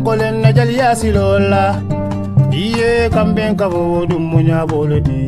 kolen na jali yasilola iye kamben kabo dum munya bolodi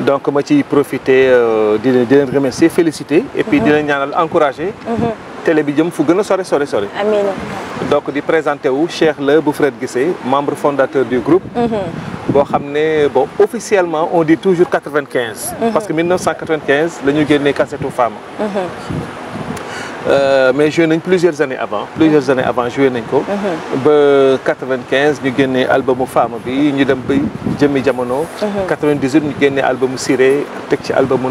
donc ma vais profiter euh, di remercier féliciter. et puis di ñaanal encourager. télé bi jëm fu sore donc de présenter wu Cheikh Le bu Gissé, Guissé membre fondateur du groupe. bon officiellement on dit toujours 95 mhm. parce que 1995 la ñu génnee aux femmes. Euh, mais joué jouais plusieurs années avant plusieurs années avant joué nañ ko uh-huh. ba 95 l'album « génnee albumu Fama bi ñu dem ba En jamono 98 uh-huh. ñu Siré l'album. ci albumu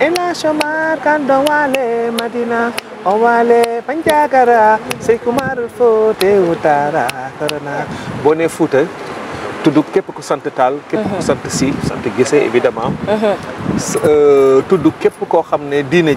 ila shomar kando wale madina owale panjakara seykumar fote utara karana boo nee Fuuta tudd képp ku sant Taal képp ku uh-huh. sant Si sant Gise évidemment uh-huh. euh, tudd képp koo xam ne diine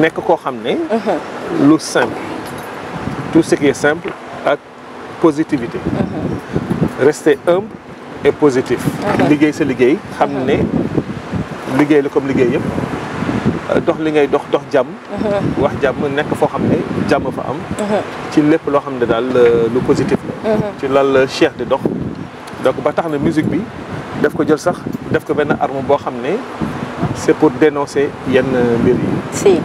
nek ko uh-huh. simple tout ce qui est simple ak positivité. Uh-huh. rester humble et positif. Uh-huh. liguey sa liguey xamné comme liguey dox li ngay dox dox jam wax fa am. ci euh, positif ci Cheikh donc ba musique bi ko sax def arme c'est pour dénoncer yenn mbir yi. si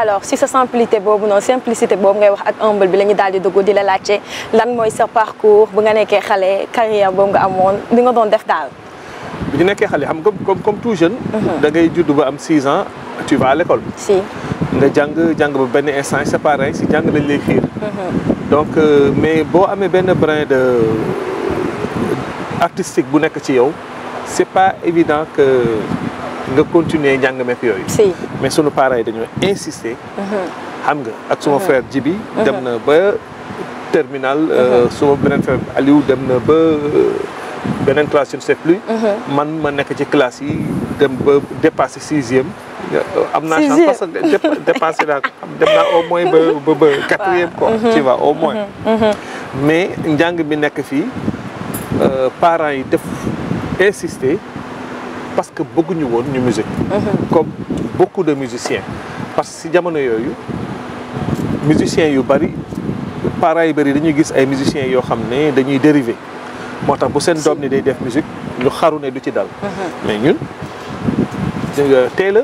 alors si sa simplicité boobu noonu simplicité boobu ngay wax ak humble bi la ñu daal di dugg di la laajte lan mooy sa parcours bu nga nekkee xale carrière boobu nga amoon li nga doon def daal. bu ñu nekkee xale xam nga comme comme tout jeune. Mhm. da ngay judd ba am 6 ans tu vas à l'école. si nga jàng jàng ba benn instant c'est pareil si jàng lañ lay xiir. Mhm. donc euh, mais boo amee benn brin de euh, artistique bu nekk ci yow c'est pas évident que. nga continuer njàng meek yooyu. si mais sunu parents yi dañoo insister. Uh-huh. xam nga ak suma uh-huh. frère Djibi. Uh-huh. dem na ba terminal. Euh, suma beneen frère Aliou dem na ba euh, beneen classe je ne plus. man ma nekk ci classe yi dem ba dépassé sixième. Euh, am na chance parce que dem naa au moins ba ba ba quatrième quoi. tu vois au moins. mais njàng mi nekk fii parents yi def insister. parce que bëgguñu woon ñu musique mhm. comme beaucoup de musiciens parce que si jamono yooyu musiciens yu bari pareil, yu bari dañuy gis ay musiciens yoo xam ne dañuy dérivé moo tax bu seen doom ni day def musique ñu xaru ne du ci dal mhm. mais ñun teel a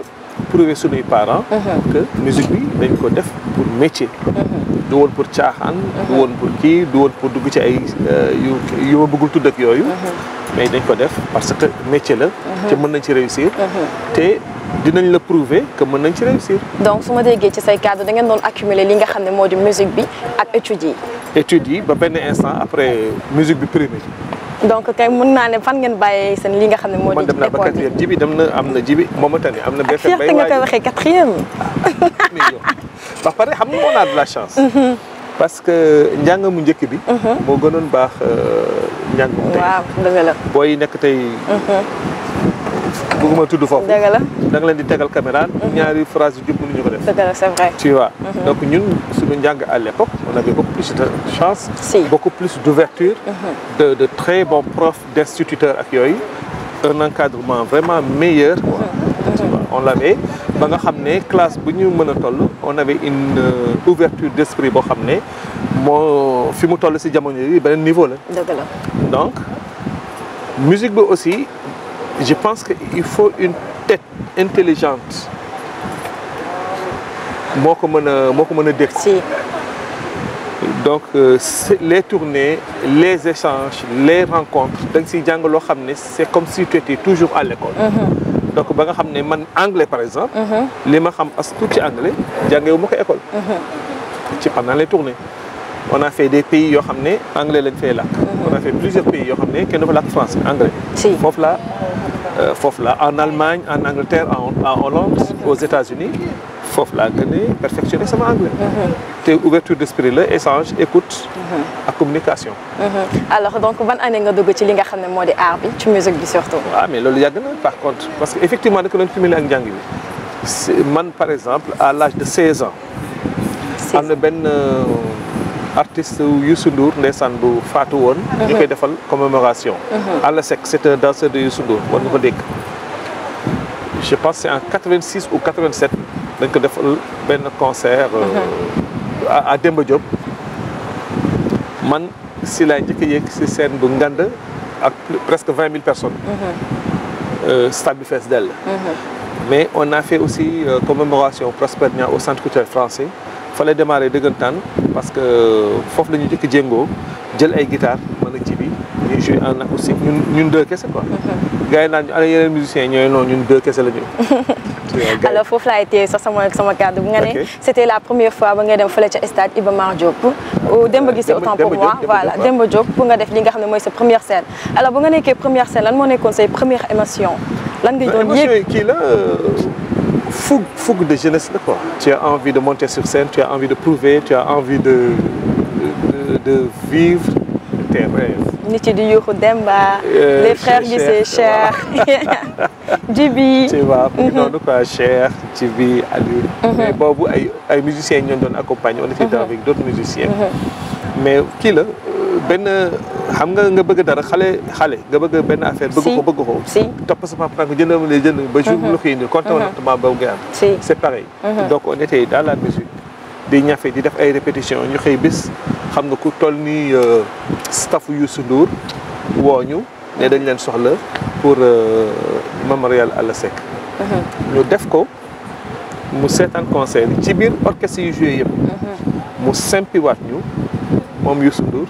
prouver suñuy parents mhm. que musique bi dañ ko def pour métier du woon pour caaxaan. du woon pour kii du woon pour dugg ci ay euh, yu yu ma bëggul tudd ak yooyu. Uh-huh. mais dañ ko def parce que métier la. Uh-huh. te mën nañ ci réussir. Uh-huh. te dinañ la prouver que mën nañ ci réussir. donc su ma déggee ci say cadre da ngeen doon accumuler li nga xam ne moo di musique bi ak études yi. yi ba benn instant après musique bi primé. donc kay mën naa ne fan ngeen bàyyee seen li nga xam ne moo di. dem naa ba quatrième jibi dem na am na jibi Momatani am na. ba mbay waay nga koy waxee quatrième. pare xam nga on a la chance. Mhm. parce que njàng mu njëkk bi. Mhm. moo gënoon baax euh, njàng mu tey. waaw dëgg la booy nekk tey. Mhm. bëgguma tudd foofu. dëgg la da nga leen di tegal caméra. Mhm. ñaari phrase yu jub mënuñu ko def. dëgg la c'est vrai. tu vois mhm. donc ñun suñu njàng à l'époque on avait beaucoup plus de chance. si beaucoup plus d'ouverture mhm. de de très bons profs d'instituteurs ak yooyu. un encadrement vraiment meilleur tu vois on l'avait ba nga xam classe bu ñu on avait une euh, ouverture d'esprit boo xam ne moo fi ci jamono yi beneen niveau la. la donc musique aussi. Je pense qu'il faut une tête intelligente. Moi, comme si. Donc, euh, les tournées, les échanges, les rencontres, c'est comme si tu étais toujours à l'école. Mm-hmm. Donc, quand tu es anglais, par exemple, les gens qui sont tout anglais, j'ai à l'école. C'est pendant les tournées. On a fait des pays yo xamné anglais fait mm-hmm. On a fait plusieurs pays yo xamné kenn dafa la France anglais. Euh, en Allemagne en Angleterre en Hollande aux États-Unis foofu laa que perfectionné anglais. Uh-huh. ouverture d'esprit écoute. Uh-huh. communication. Uh-huh. alors donc on année nga ci li nga surtout. Ah mais le, par contre parce que nous man par exemple à l'âge de 16 ans. on artiste Youssou Ndour ndessane bu faatu uh-huh. commémoration. Uh-huh. C'est un danseur de Youssou Ndour je pense que en 86 ou 87 donc ko concert. Euh, uh-huh. à Demba Diop. man si a scène presque 20 000 personnes. Euh, stade mais on a fait aussi euh, commémoration au centre culturel français fa démarrer de dëggantaan parce que euh, fof la ñu jëkk jéngoo jël ay guitare man ak Djibi ñuy joué en acoustique ñun ñun deux kese quoi. Mhm. gars yi naan yeneen musiciens yi non, noonu ñun deux kese la ñu. alors foofu laa téye sax sama sama kàddu bu nga ne c' était la première fois ba nga dem fële ca stade Iba Mar Diop euh, Demba Guissé autant pour moi voilà Demba Diop pour nga def li nga xam ne sa première scène alors ba nga nekkee première scène lan moo nekkoon say première émotion lan nga euh, doon yéeg kii la fougue, de jeunesse. Quoi. Tu as envie de monter sur scène, tu as envie de prouver, tu as envie de, de, de vivre tes rêves. Demba, euh, les frères du Cher, Djibi. Tu vois, mhm. non, nous quoi, Cher, Djibi, Adu. Mhm. Mais bon, les musiciens nous ont accompagnement on était mhm. avec d'autres musiciens. Mais qui là ben xam nga nga bëgg dara xalé xalé nga bëgg ben affaire bëgg ko bëgg ko top sa papa ko jënd lay jënd ba jour lu xey ni compte ba nga am c'est pareil mhm. donc on était dans la musique di ñafé di def ay répétition ñu xey bis xam nga ku toll ni euh, staff Youssou Ndour woñu né ne dañ leen soxla pour euh, mémorial Alla sec mhm. ñu def ko mu sétan concert ci biir orchestre yu joué yëpp mhm. mu simpiwaat ñu moom Youssou Ndour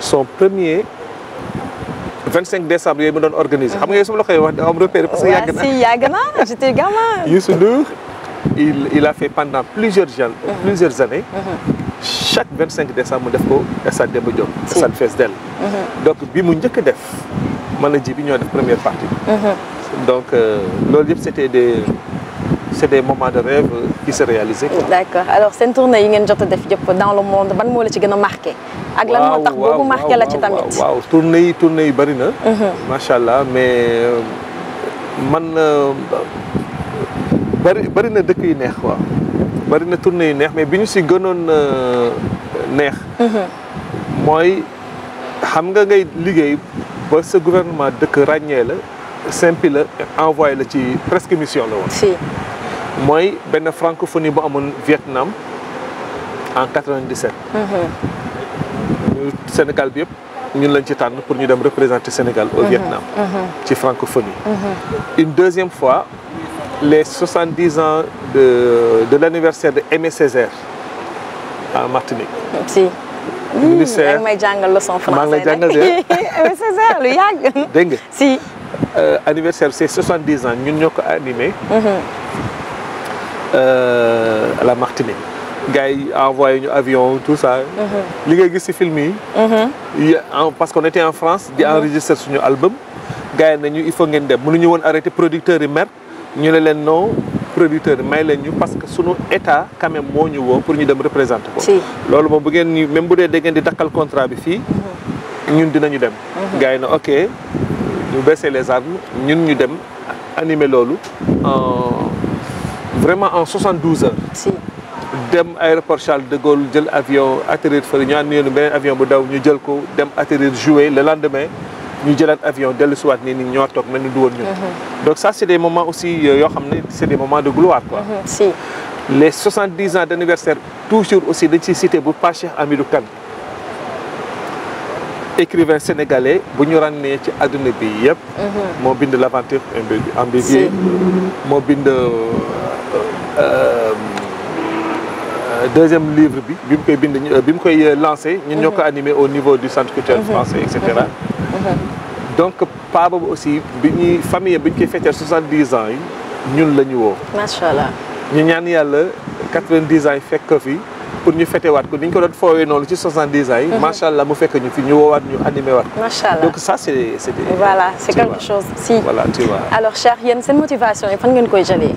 son premier 25 décembre yooyu mu doon organisé. xam nga yow su ma la koy wax da am repère parce que yàgg na si yàgg j'étais gamin. Youssou Ndour il il a fait pendant plusieurs jeunes. Mhm. plusieurs années. Mhm. chaque 25 décembre mu def ko stade Demba Diop. stade Fess Dell. Mhm. donc bi mu njëkk a def man la ji bi ñoo def première partie. donc euh, loolu yëpp c'était des c'est des moments de rêve qui se réalisent. D'accord. Alors, une tournée que vous dans le monde marqué. ak la ci tamit. waaw tournée yi mhm. mais euh, man euh, na dëkk tournée mais est si euh, mhm. Moi, xam nga gouvernement dëkk simple envoyé la presque mission suis une francophonie bu Vietnam en 97. Nous mhm. Sénégal bi Sénégal ñun lañ ci pour ñu dem représenter Sénégal au mhm. Vietnam. Mhm. ci francophonie. une deuxième fois les 70 ans de l'anniversaire de Aimé Césaire en Martinique. si. Hmm, ministère yaa le français Aimé Césaire le si. Euh, anniversaire c'est 70 ans nous sommes animé. Euh, à la Martinique. gars yi envoyé ñu avion tout ça. Uh-huh. li ngay gis ci film yi. Uh-huh. parce qu'on était en France di uh-huh. enregistrer suñu album. gars yi nañu il faut ngeen dem mënuñu woon arrêter producteur de mer ñu ne non producteur yi may leen ñu parce que suñu état quand même moo nous woo pour ñu dem représenter ko. loolu moom bu ngeen ñu même bu des da de di contre contrat bi fii. ñun dinañu dem. gars na ok ñu baisser les armes ñun ñu dem animer loolu vraiment en 72 heures. si dem aéroport Charles de Gaulle jël avion atterrir fële ñu ànd yoonu avion bu daw ñu jël ko dem atterrir jouer le lendemain ñu jëlaat avion dès le soir, nous ñoo toog mel ni du woon mhm. donc ça c'est des moments aussi c'est euh, c'est des moments de gloire quoi. Mhm. si les 70 ans d'anniversaire, toujours aussi dañ ciy cité pour Pape Cheikh Hamidou Kane. écrivain sénégalais bu ñu ràññee ci àdduna bi yëpp. Mhm. moo bind l'aventure en bind. Euh, euh, deuxième livre bi bim koy bind euh, koy euh, lancé ñun ñoko mhm. animé au niveau du centre culturel mhm. français et cetera mhm. donc paa aussi bi famille bi koy fêter 70 ans ñun lañu wo machallah ñu ñaan yalla 90 ans fekk fi pour ñu wat ko ni ko doon fowé noonu ci 70 ans machallah mu fekk ñu fi ñu wat ñu animé wat ko donc ça c'est c'est voilà c'est quelque chose si voilà tu vois alors cher yene c'est motivation yi fan ngeen koy jëlee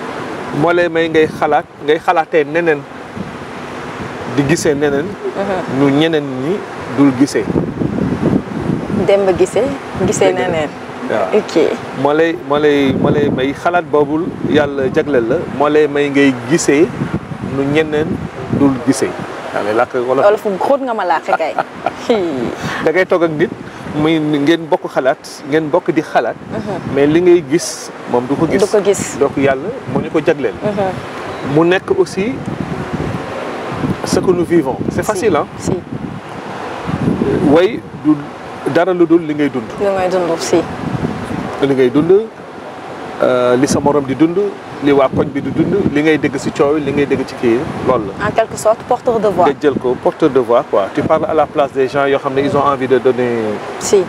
moo lay may ngay xalaat ngay xalaatee neneen di gisee neneen. ñu mhm. ñeneen ñi dul gisee. dem ba gisee. gisee neneen. waaw moo lay moo lay may xalaat boobu yàlla jagleel la moo lay may ngay gisee nu ñeneen dul gisee. daa lay làkk wolof wolof xóot nga ma làkk kay. da toog ak nit. muy ngeen bokk xalaat ngeen bokk di xalaat. Uh-huh. mais li ngay gis moom du ko gis. du ko gis yàlla moo ñu ko jagleel. Uh-huh. mu nekk aussi ce que nous vivons. c'est facile euh, way dara lu dul li ngay dund. li ngay dund si. li ngay dund euh, li sa morom di dund. li waa koñ bi du dund li ngay dégg ci coow li ngay dégg ci kii loolu la. en quelque sorte porteur de voix. nga jël ko porteur de voix quoi. tu parles à la place des gens yo xamné ils ont envie de donner. si.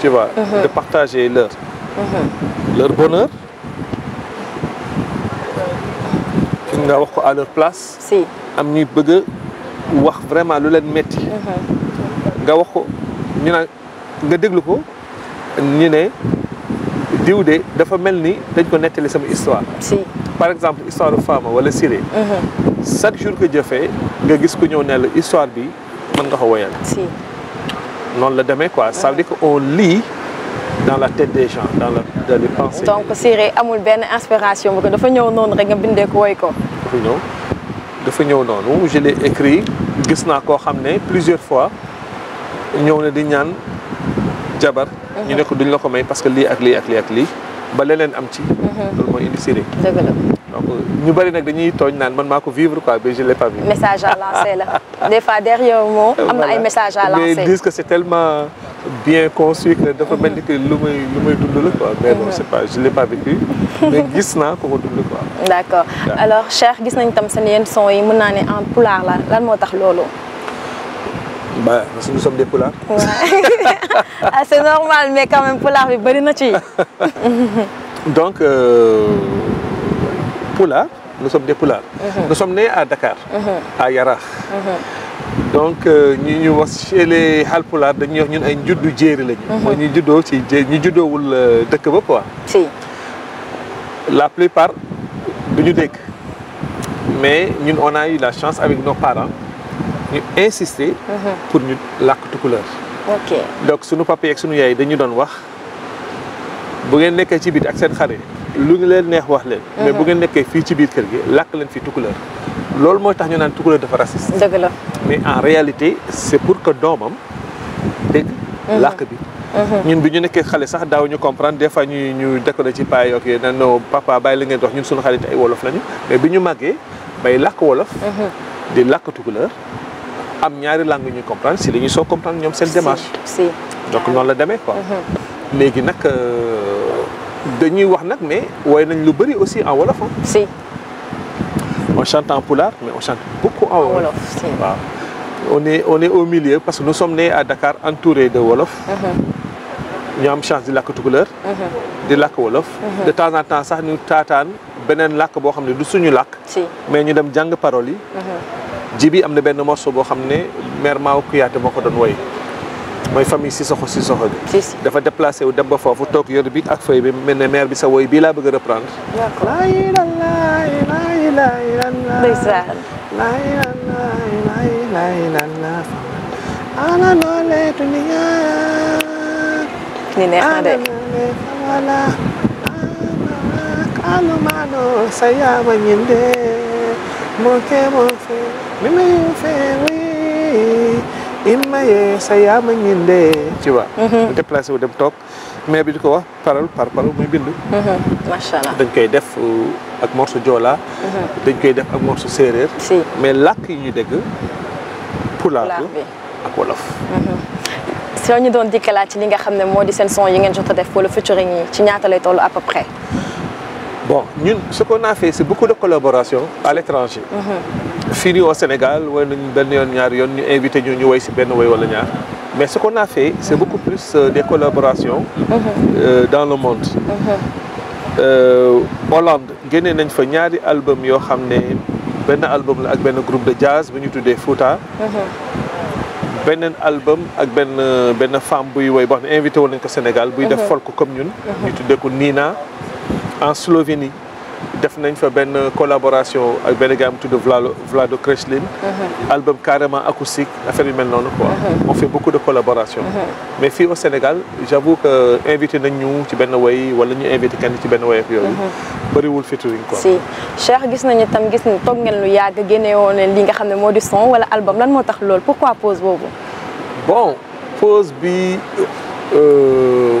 tu vois. Mm -hmm. de partager leur. Mm -hmm. leur bonheur. fi nga wax ko à leur place. si am ñuy bëgg wax vraiment lu leen metti mm-hmm. nga wax ko ñu naan nga déglu ko ñu ne diw de dafa mel ni dañ ko nettali sama histoire. si par exemple histoire Fama wala Siré. Mhm. chaque jour que jëfee nga gis ko ñëw ne histoire bi mën nga ko woyal. si noonu la demee quoi. ça veut dire que on lit dans la tête des gens dans la dans les pensées. donc Siré amul benn inspiration bu ko dafa ñëw noonu rek nga bindee ko woy ko. dafa ñëw dafa ñëw noonu je l'ai écrit gis naa koo xam ne plusieurs fois ñëw na di ñaan jabar ñu ne duñ la ko may parce que lii ak lii ak lii ak lii ba leneen am ci mhm. loolu mooy indi siré dëgg la donc ñu bari nag dañuy tooñ naan man maa ko vivre quoi mais je l'ai pas vu message à lancer la des fois derrière moi, am na ay message à lancer mais ils disent que c'est tellement bien conçu que dafa mel ni que lu muy lu muy dund la quoi mais non mhm. c'est pas je l'ai pas vécu mais gis naa ko ko dund quoi d'accord alors cher gis nañ tam sa yenn son yi mën naa ne en pulaar la lan moo tax loolu bah, nous sommes des poulains. Ouais. Ah, c'est normal, mais quand même, polar, mais bonne nuit. Donc, euh, nous sommes des poulains. Mhm. Nous sommes nés à Dakar, mhm. à Yara. Mhm. Donc, euh, nous sommes chez les Halpolars, nous sommes un judo djeri. Nous sommes judo ou le Dakar, quoi. Si. La plupart, nous sommes Mais nous, on a eu la chance avec nos parents. ñu insister. Uh-huh. pour ñu làkk tukulóor. ok donc sunu papa yeeg sunu yaay dañu doon wax bu ngeen nekkee ci biit ak seen xare lu ñu leen neex wax leen. mais bu uh-huh. ngeen nekkee fii ci biir kër gi làkk leen fi tukulóor. loolu mooy tax ñu naan tukulóor dafa raciste. dëgg la mais en réalité c' est pour que doomam dégg. Uh-huh. làkk bi. ñun bi ñu nekkee xale sax daaw ñu comprendre des fois ñuy ñu décoller ci paa yooyu ne non papa bàyyi la ngeen dox ñun suñu xarit ay wolof lañu mais ñu màggee bay wolof. am ñaari langue ñu comprendre si la ñuy soo comprendre ñom démarche. si donc non la démé quoi. Mhm. léegi nag euh, dañuy wax nak mais way nañ lu bari aussi en wolof hein. si on chante en Poulard, mais on chante beaucoup en wolof. on est on est au milieu parce que nous sommes nés à Dakar entourés de wolof. Mhm. ñu am chance de la tukulër. Mhm. de la wolof. de temps en temps sax ñu tatane benen lac bo xamné du suñu si mais ñu dem jang paroles yi. jibi am na benn morceau boo xam ne mère Maaw Kuyaate moo ko doon woy mooy famille Sissoko Sissoko bi dafa déplacé wu dem ba foofu toog yor bi ak feuille bi mel ne mère bi sa woy bii la bëgg a reprendre ni neex na de Kalu mano sayama nyinde mon cœur, mon frère, mais mon frère, oui. il ma yee sa yaa ma ñinde mhm. tu vois. wu dem toog mais bi di ko wax parole par parole muy bind. Mhm. macha allah dañ koy def euh, ak morceau joola. Mhm. dañ koy def ak morceau séeréer. mais làkk yi ñuy dégg pulaar bi ak wolof. soo ñu doon dikkalaat ci li nga xam ne moo di seen son yi ngeen jot a def wala featuring yi ci ñaata lay toll à peu près. Bon, ce qu'on a fait, c'est beaucoup de collaborations à l'étranger. Mm Fini au Sénégal, invité nous invité Mais ce qu'on a fait, c'est beaucoup plus euh, des collaborations mhm. euh, dans le monde. Mm euh, Hollande, on a fait un album, un album avec un groupe de jazz, de Fouta. un mhm. album avec une femme qui a boo invité woon ko Sénégal buy def mhm. folk comme ñun ñu tuddee ko Nina en Slovénie def nañ fa benn collaboration ak benn gars bu tudd Vlado Vlado Kreslin uh-huh. album carrément acoustique affaire yu mel noonu quoi uh-huh. on fait beaucoup de collaboration uh-huh. mais fii au Sénégal j'avoue que invité nañ ñu ci benn woy wala ñu invité kenn ci benn woy ak yooyu bëriwul featuring quoi si Cheikh gis nañu tam gis ni toog ngeen lu yàgg génne woon leen li nga xam ne moo di son wala album lan moo tax loolu pourquoi pause boobu bon pause bi euh,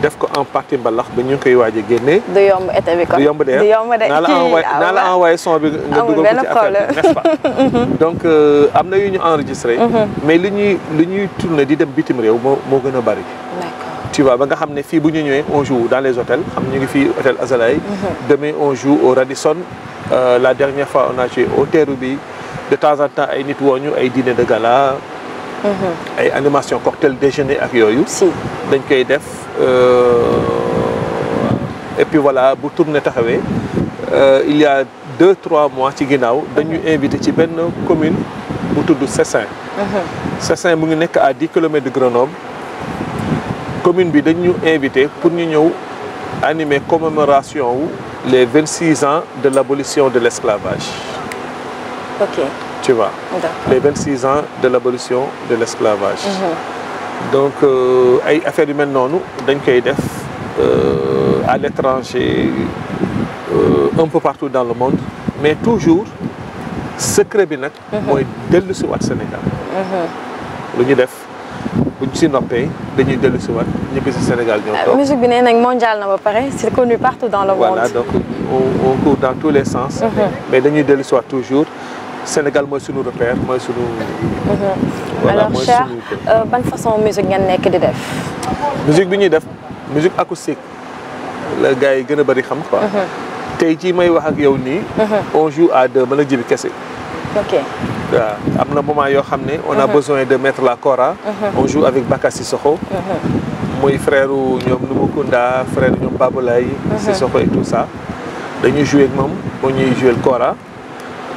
def ko en partie mbalax ba ñu koy wajé génné du yomb été bi kon du yomb dé du yomb de naa la ah, envoyé son bi nga dugal ko ci affaire n'est-ce pas. Mhm. donc euh, am na yu ñu enregistré. Mhm. mais li ñuy li ñuy tourné di dem bitim rew mo, mo gëna bari. tu vois ba nga xam ne bu ñu ñëwee on joue dans les hôtels xam ñu ngi fii hôtel Azalaï. Mhm. demain on joue au Radisson. Euh, la dernière fois on a joué au terrou de temps en temps ay nit woo ay dîner de gala et mm-hmm. animation cocktail déjeuner à si dañ koy def euh, et puis voilà bu taxawé euh il y a deux trois mois ci avons mm-hmm. invité ci commune bu de Cessin mm-hmm. Sessin mu à 10km de Grenoble commune bi dañu invité pour nous ñëw animer commémoration les 26 ans de l'abolition de l'esclavage ok tu vois. les 26 ans de l'abolition de l'esclavage mhm. donc euh, ay affaires humaines mel nous, euh, à l'étranger euh, un peu partout dans le monde mais toujours secret bi nag mhm. mooy dellu Sénégal mhm. lu ñu def nous si noppee dañuy dellu Sénégal ñoo musique bi c'est connu partout dans le monde voilà donc on court dans tous les sens mais nous dellu toujours Sénégal mooy suñu repère mooy suñu. Mhm. voilà alors Cheikh euh, ban façon musique ngeen nekk di def. musique bi ñuy def musique acoustique Le gars yi gën a xam quoi. Mhm. tey ci may wax ak yow nii. Mhm. on joue à deux mën a jibi kese. ok waaw am na moment yoo xam ne. on a besoin de mettre la kora. on joue avec Baka Sissoko. muy frère ñoom Kunda, frère ñoom Babalaye. Sissoko et tout ça dañuy jouer ak moom ba ñuy jouer le kora.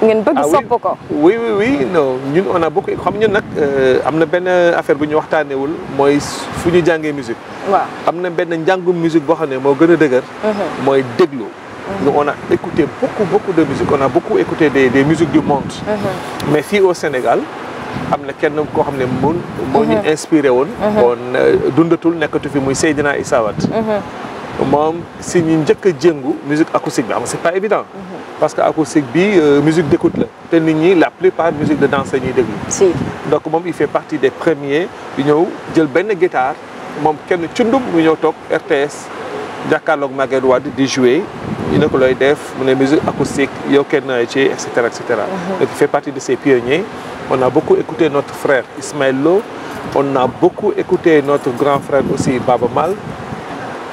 ngeen bëgg ah sopp ko oui oui oui non ñun on a beaucoup xam ñun nag euh, am na affaire bu ñu waxtaanewul mooy fu ñu jàngee musique waaw am na benn musique boo xam ne moo gën a dëgër mhm. mooy déglu mhm. on a écouté beaucoup beaucoup de musique on a beaucoup écouté des des musiques du monde mhm. mais si au Sénégal am na kenn koo xam ne inspiré on, ñu inspiré woon kon euh, dundatul nekkatu fi muy Seydina Issa Wade Mam, c'est une djengu musique acoustique Mais c'est pas évident. Mhm. parce que acoustique bi euh, musique d'écoute la. plupart nit la musique de danse la de donc mom, il fait partie des premiers Il a jël benn guitare moom kenn cundum mu ñëw RTS jàkkaarloog Maguette de jouer Il ne ko def mu musique acoustique yow et cetera et cetera. Mhm. donc il fait partie de ces pionniers on a beaucoup écouté notre frère Ismaël Lowe. on a beaucoup écouté notre grand frère aussi Baba Mal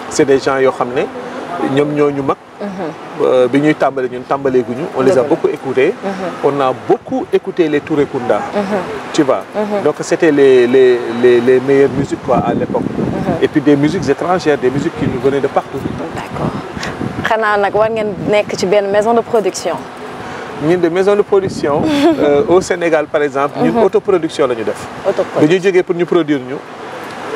c'est des gens qui ont ñom ñoo ñu mag. Euh, on les a beaucoup écoutés. Mhm. on a beaucoup écouté les Touré Kunda. Mhm. tu vois. Mhm. donc c'était les les les meilleures musiques à l'époque. et puis des musiques étrangères des musiques qui nous venaient de partout. d'accord Tu nak war ngeen ci maison de production. ñun de maison de production. Euh, au Sénégal par exemple. nous autoproduction une def. autoproduction pour ñu produire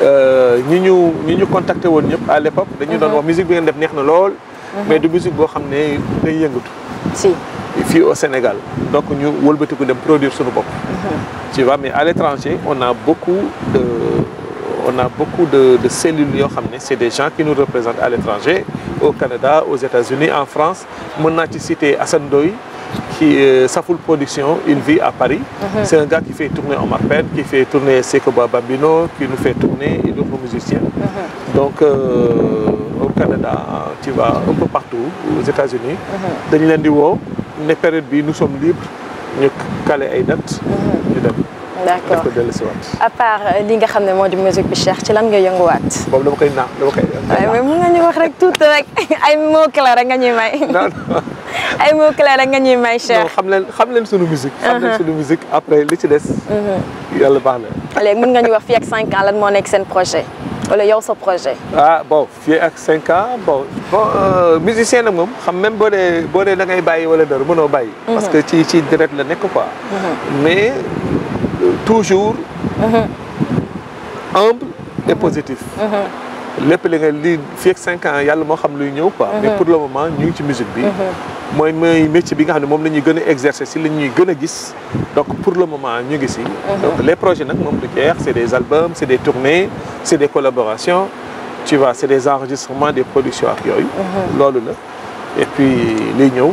nous euh, ñu contacté à l'époque dañu mhm. don wax musique bi ngeen def neexna lool mhm. mais du musique bo xamné day yëngatu si au Sénégal donc ñu wëlbatiku dem produire suñu bopp mhm. tu vois mais à l'étranger on a beaucoup de on a beaucoup de, de cellules yo xamné c'est des gens qui nous représentent à l'étranger au Canada aux États-Unis en France mëna ci citer Assane qui est euh, Production, il vit à Paris. Uh-huh. C'est un gars qui fait tourner en m'appelle qui fait tourner Sekoba Babino, qui nous fait tourner et d'autres musiciens. Uh-huh. Donc euh, au Canada, tu vas un peu partout, aux États-Unis. Uh-huh. Dans les nous sommes libres, nous calons les d'accord daf ko dellu si waat à part euh, li nga xam ne moo di musique bi Cheikh ci lan nga yënguwaat boobu dama koy naan dama koy waaye mais mun nga ñu wax rek tuuti rek ay mots clés rek nga ñuy may ay mots clés rek nga ñuy may Cheikh xam leen xam leen sunu musique xam leen uh-huh. sunu musique après li ci des uh-huh. yàlla baax na léegi mun nga ñu wax fii ak cinq ans lan moo nekk seen projet wala yow sa projet ah bon fii ak cinq ans bon bon euh, musicien nag moom xam même boo dee boo dee da ngay bàyyi wala dara mënoo bàyyi uh-huh. parce que ci ci direct la nekk quoi mais toujours humble et positif Les li nga li fii ak cinq ans yàlla moo xam luy ñëw quoi mais pour le moment ñu ngi ci musique bi moi, mooy métier bi nga xam ne moom la ñuy exercer si ñuy donc pour le moment ñu ngi si donc les projets nag moom du c'est des albums c'est des tournées c'est des collaborations tu vois c'est des enregistrements des productions à yooyu la et puis l'union. ñëw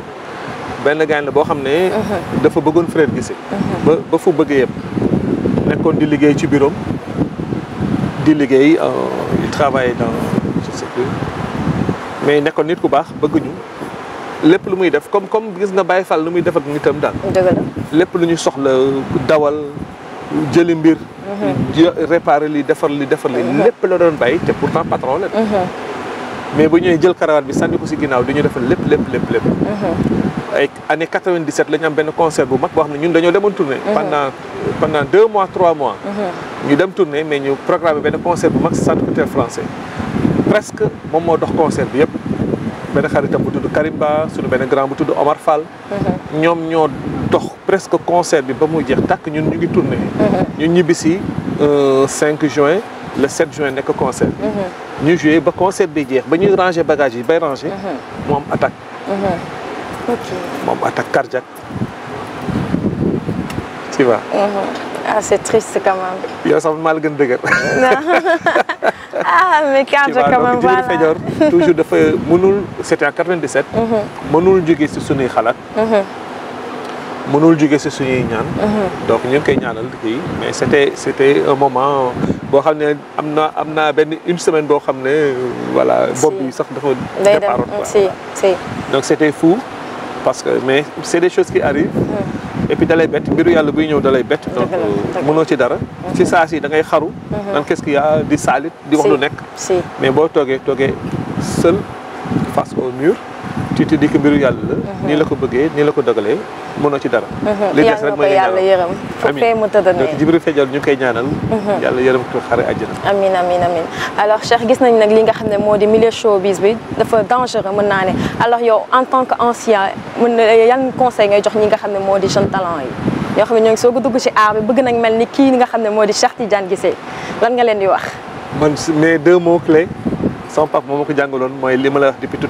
benn gaynde boo xam ne uh-huh. dafa bëggoon frère Guissé uh-huh. ba ba fu bëgg yëpp nekkoon di liggéey ci bureau di liggéey euh, il travaille dans je sais plus mais nekkoon nit ku baax bëgg ñu lépp lu muy def comme comme gis nga Baye Fall lu muy def ak nitam daal lépp lu ñu soxla dawal jëli mbir uh-huh. réparer li defar li defar li lépp la doon bàyyi te pourtant patron la mais bu ñëwee jël karawaat bi sànni ko si ginnaaw du ñu defal lépp lépp lépp lépp ay année 97 la ñam ben concert bu mag boo xam ñun dañoo demoon tourner mhm. pendant pendant 2 mois 3 mois. Mhm. ñu dem tourner mais ñu programmé ben concert bu mag centre culturel français. presque moom mo dox concert bi yëpp benn xaritam bu tudd Karimba suñu ben grand bu tuddu Omar Fall. Mhm. ñom ñoo dox presque concert bi ba mu jeex tak ñun ñu ngi tournée. ñu ñibbisi 5 euh, juin le 7 juin nek concert ñu jouer ba concert bi jeex ba ñu ranger bagage yi bay ranger mu am attaque. moom attaque cardiaque tu vois. ah c'est triste quand même. yow sax maa la gën de ah mais cardiaque quand même voilà tu vois donc Djibril Fédior toujours dafa mënul c'était en 97. mënul jóge si sunuy xalaat. mënul mhm. jóge si suñuy ñaan. Mhm. donc ñu ngi koy ñaanal kii mais c'était c'était un moment boo xam ne am na une semaine boo xam voilà. bopp bi sax dafa. day dem si si donc c'était fou. parce que mais c' est des choses qui arrivent. dalay bett mbiru yàlla buy ñëw dalay bett. donc mënoo ci dara. ci saa si da ngay xaru. Mhm. nan qu'est-ce a di saalit di wax lu nekk. mais boo toogee toogee seul face au mur. ci ti di mbiru yàlla uh-huh. nii la ko bëggee nii la ko dogalee mënoo ci dara uh-huh. li des rek mooy yàlla yërëm fee mu tëdd donc ñu koy ñaanal uh-huh. yàlla yërëm ko xare àjjana amin amin amin alors Cheikh gis nañ nag li nga xam ne moo di milieu showbiz bi dafa dangereux mën naa ne alors yow en tant que ancien mën na yan conseil ngay jox ñi nga xam ne moo di jeune talent yi ñoo xam ne ñoo ngi soog bëgg nañ mel ni kii nga xam ne moo di Cheikh Tidiane Guissé lan nga leen di wax man mes deux mots clés sama papa moo ma ko jàngaloon mooy li ma la wax depuis tout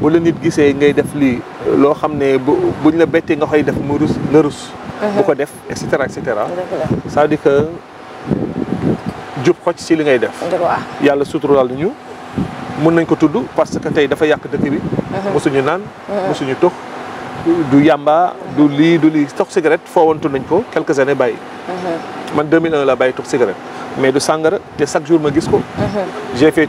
bu la nit gisee ngay def lii loo xam ne bu buñ la bettee nga koy def mu rus nga rus uh-huh. bu ko def et cetera et cetera ça veut dire que jub xoj si li ngay def yàlla suturaal ñu mën nañ ko tudd parce que tey dafa yàq dëkk bi uh-huh. mosuñu naan uh-huh. mosuñu tux du yamba du lii du lii tox cigarette foowantu nañ ko quelques années bàyyi man 2001 la bàyyi tox cigarette mais du sàngara te chaque jour ma gis ko j'ai fait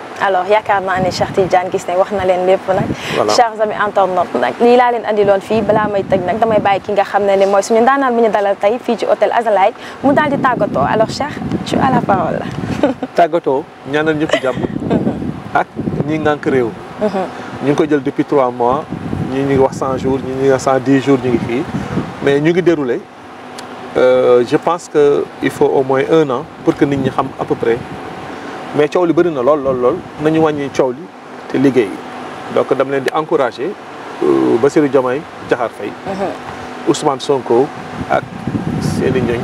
alors yaakaar naa ne Cheikh Tidiane gis ne wax na leen lépp nag chers amis internautes nag lii laa leen andi loon fii balaa may tëj nag damay bàyyi ki nga xam ne ne mooy suñu ndaanaan bi ñu dalal tey fii ci hôtel azalay mu daal di tàggatoo alors Cheikh tu as la parole la tàggatoo ñaanal ñëpp jàmm ak ñi ngànk réew ñu ngi ko jël depuis trois mois ñi ñu ngi wax cent jours ñi ñu ngi cent dix jours ñu ngi fii mais ñu ngi déroulé je pense que il faut au moins un an pour que nit ñi xam à peu près mais coow li bëri na lool lool lool nañu wàññi coow li te liggéey donc dam leen di ba euh, Bassirou Diomaye Diakhar Faye uh-huh. Ousmane Sonko ak seeni ñooñ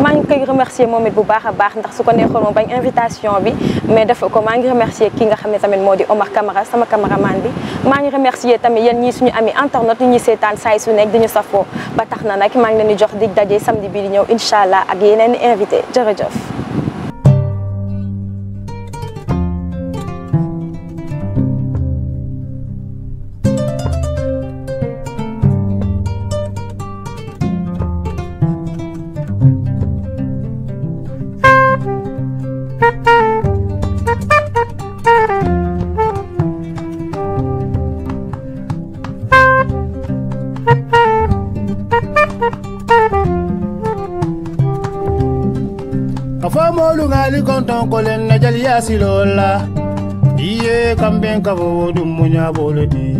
maa ngi koy remercier moom it bu baax a baax ndax su ko neexoon moom bañ invitation bi mais dafa ko maa ngi remercier ki nga xam ne tamit Omar Camara sama cameraman bi maa ngi remercier tamit yéen ñii suñu ami internet yi ñuy seetaan saay su nekk diñu safoo ba tax na nag maa ngi leen di jox dig daje samedi bi di ñëw incha allah ak yeneen invité jërëjëf ya silola iye kamben kabo dum munya bolodi